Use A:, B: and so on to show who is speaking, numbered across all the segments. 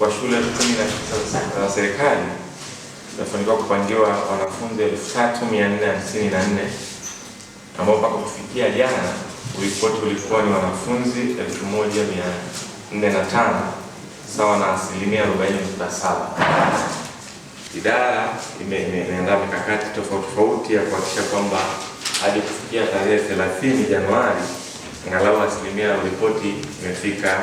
A: kwa shule kumi na tisa za serikali tumefanikiwa kupangiwa wanafunzi elfu tatu mia nne hamsini na nne ambao mpaka kufikia jana uripoti ulikuwa ni wanafunzi elfu moja mia nne na tano sawa na asilimia arobaini nukta saba. Idara imeandaa mikakati tofauti tofauti ya kuhakikisha kwamba hadi kufikia tarehe thelathini Januari angalau asilimia ya uripoti imefika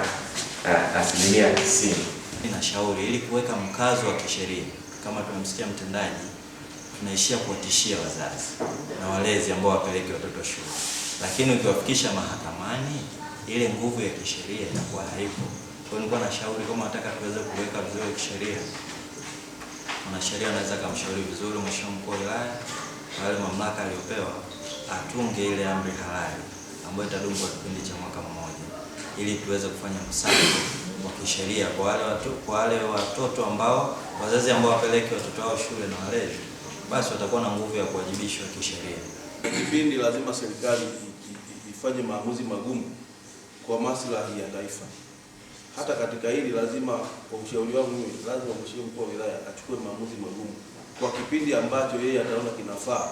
A: uh, asilimia tisini.
B: Ninashauri ili kuweka mkazo wa kisheria, kama tumemsikia mtendaji, tunaishia kuwatishia wazazi na walezi ambao wapeleke watoto shule, lakini ukiwafikisha mahakamani ile nguvu ya kisheria inakuwa haipo. Kwa hiyo nilikuwa nashauri kama nataka tuweze kuweka vizuri kisheria, mwanasheria anaweza akamshauri vizuri mheshimiwa mkuu wa wilaya na wale mamlaka aliyopewa atunge ile amri halali ambayo itadumu kwa kipindi cha mwaka mmoja, ili tuweze kufanya msako wa kisheria kwa wale watu, kwa wale watoto ambao wazazi ambao wapeleke watoto wao shule na walezi, basi watakuwa na nguvu ya kuwajibishwa kisheria.
C: Kipindi lazima serikali ifanye maamuzi magumu kwa maslahi ya taifa. Hata katika hili lazima, kwa ushauri wangu mimi, lazima mheshimiwa mkuu wa wilaya achukue maamuzi magumu kwa kipindi ambacho yeye ataona kinafaa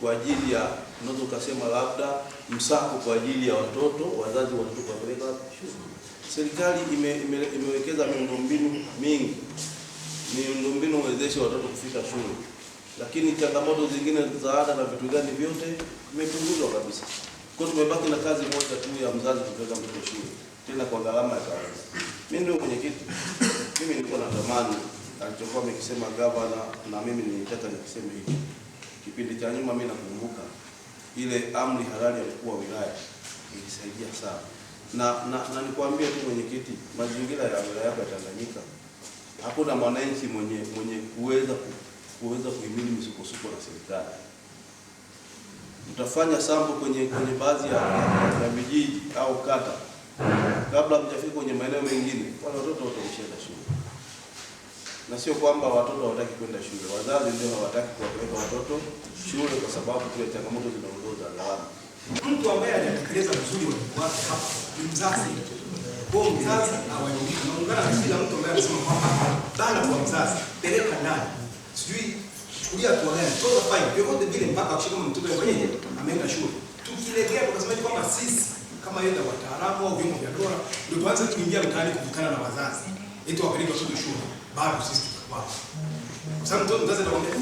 C: kwa ajili ya unaweza ukasema labda msako kwa ajili ya watoto wazazi watoto kuwapeleka shule serikali ime, ime, imewekeza miundombinu mingi, miundombinu wezeshi watoto kufika shule, lakini changamoto zingine za ada na vitu gani vyote imepunguzwa kabisa. Kwa tumebaki na kazi moja tu ya mzazi kupeleka mtoto shule, tena kwa gharama ya kawaida. Mimi ndio mwenyekiti, mimi nilikuwa tamani alichokuwa amekisema gavana na mimi nilitaka nikiseme hivi. Kipindi cha nyuma mimi nakumbuka ile amri halali ya mkuu wa wilaya ilisaidia sana na na, na nikwambie tu mwenyekiti, mazingira ya wilaya ya Tanganyika hakuna mwananchi mwenye mwenye kuweza kuweza kuhimili misukosuko na serikali. Mtafanya sambo kwenye kwenye baadhi ya ya vijiji au kata, kabla mjafika kwenye maeneo mengine, wale watoto wataishia shule, na sio kwamba watoto hawataki kwenda shule. Wazazi ndio hawataki kuwapeleka watoto shule kwa sababu tu changamoto zinaongoza gharama
D: Mtu ambaye anatekeleza vizuri wajibu wake hapa ni mzazi. Kwa mzazi awajibika. Naungana na kila mtu ambaye anasema kwamba bana kwa mzazi, peleka ndani. Sijui chukulia kwa gani. Toza fine. Vyovyote vile mpaka akishika mtoto yeye ameenda shule. Tukilegea tukasema kwamba sisi kama yenda wataalamu au vyombo vya dola ndio kwanza tuingia mtaani kukutana na wazazi. Eti wapeleke watoto shule. Bado sisi tukakwa Kwa sababu mtoto mzazi atakwambia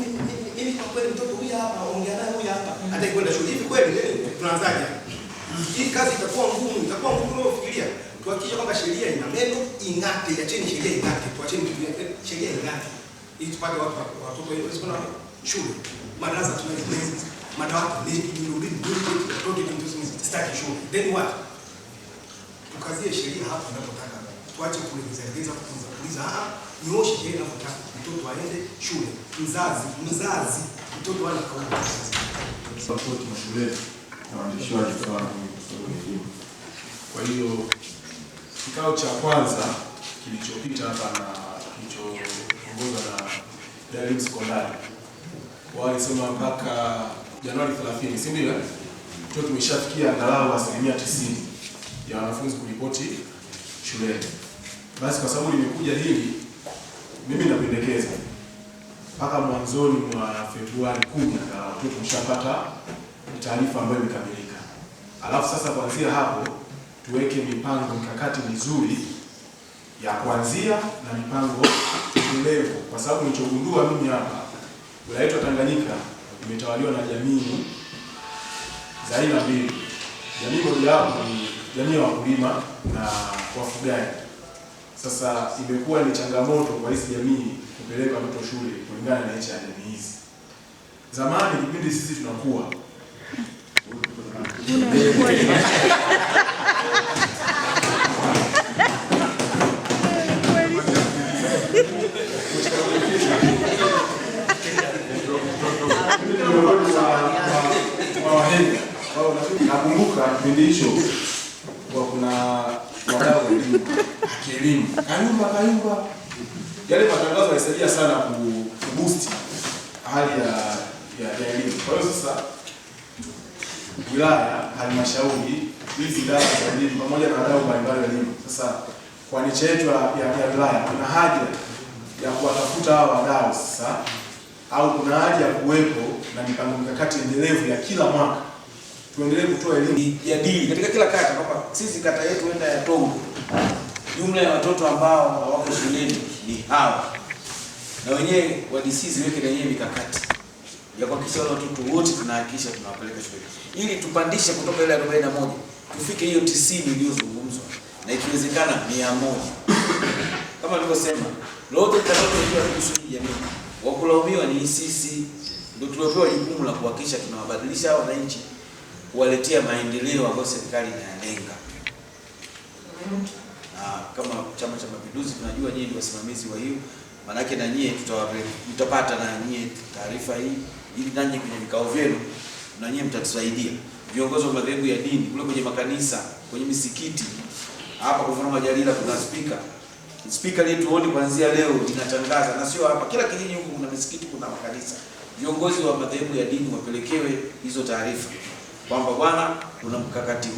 D: mimi kwa kweli mtoto huyu hapa ongea naye huyu hapa. Hata ikwenda shule hivi kweli nini? tunaanzaje? Hii kazi itakuwa ngumu, itakuwa ngumu fikiria. Tuhakikishe kwamba sheria ina meno ing'ate, iacheni sheria ing'ate, tuacheni sheria ing'ate ili tupate watu watoto wengi wasiwe na shule. Madarasa tunajenga, madawati mengi, miundombinu mingi, watoto wengi mtu staki shule. Then what? Tukazie sheria hapo tunapotaka. Tuache kulegeza legeza kupunza kuuliza, ah, nyooshe sheria inapotaka mtoto aende shule. Mzazi, mzazi, mtoto ana kauli.
E: Support mashuleni na waandishi wa elimu. Kwa hiyo kikao cha kwanza kilichopita hapa na kilichoongozwa na idara sekondari walisema mpaka Januari 30, si ndio? Eh? Tuo tumeshafikia angalau asilimia 90 ya wanafunzi kuripoti shuleni. Basi kwa sababu limekuja hili, mimi napendekeza mpaka mwanzoni mwa Februari 10 na watoto mshapata taarifa ambayo imekamilika. Alafu sasa kuanzia hapo tuweke mipango mikakati mizuri ya kuanzia na mipango endelevu, kwa sababu nilichogundua mimi hapa, wilaya yetu ya Tanganyika imetawaliwa na jamii za aina mbili. Jamii mojawapo ni jamii ya wakulima na wafugaji. Sasa imekuwa ni changamoto kwa hizi jamii kupeleka watoto shule kulingana na hicha ya jamii hizi. Zamani kipindi sisi tunakuwa Nakumbuka kipindi hicho kwa kuna wadau kielimu kayumba kayumba, yale matangazo yalisaidia sana kuboost hali ya elimu. Kwa hiyo sasa wilaya, halmashauri, hizi idara za elimu pamoja na wadau mbalimbali wa elimu. Sasa kwa nicha yetu ya wilaya, kuna haja ya kuwatafuta hawa wadau sasa, au kuna haja ya kuwepo na mipango mikakati endelevu ya kila mwaka, tuendelee kutoa elimu
D: dini katika
B: kila kata, Kwa sisi kata yetu enda ya Tongo, jumla ya watoto ambao hawako shuleni ni hawa, na wenyewe DC weke na yeye mikakati ya kuhakikisha wale watoto wote tunahakikisha tunawapeleka shule ili tupandishe kutoka ile 41 tufike hiyo 90 iliyozungumzwa na ikiwezekana 100. Kama nilivyosema, lolote tutakalokuwa kuhusu jamii, wakulaumiwa ni sisi. Ndio tuliopewa jukumu la kuhakikisha tunawabadilisha wananchi, kuwaletea maendeleo ambayo serikali inayalenga. Na kama Chama cha Mapinduzi tunajua nyinyi ni wasimamizi wa hiyo, manake na nyie mtapata na nyie taarifa hii ili nanyi kwenye vikao vyenu na nyinyi mtatusaidia, viongozi wa madhehebu ya dini kule kwenye makanisa, kwenye misikiti. Hapa kwa mfano Majalila kuna spika spika letuoni kuanzia leo linatangaza, na sio hapa, kila kijiji huko kuna misikiti, kuna makanisa. Viongozi wa madhehebu ya dini wapelekewe hizo taarifa kwamba bwana, kuna mkakati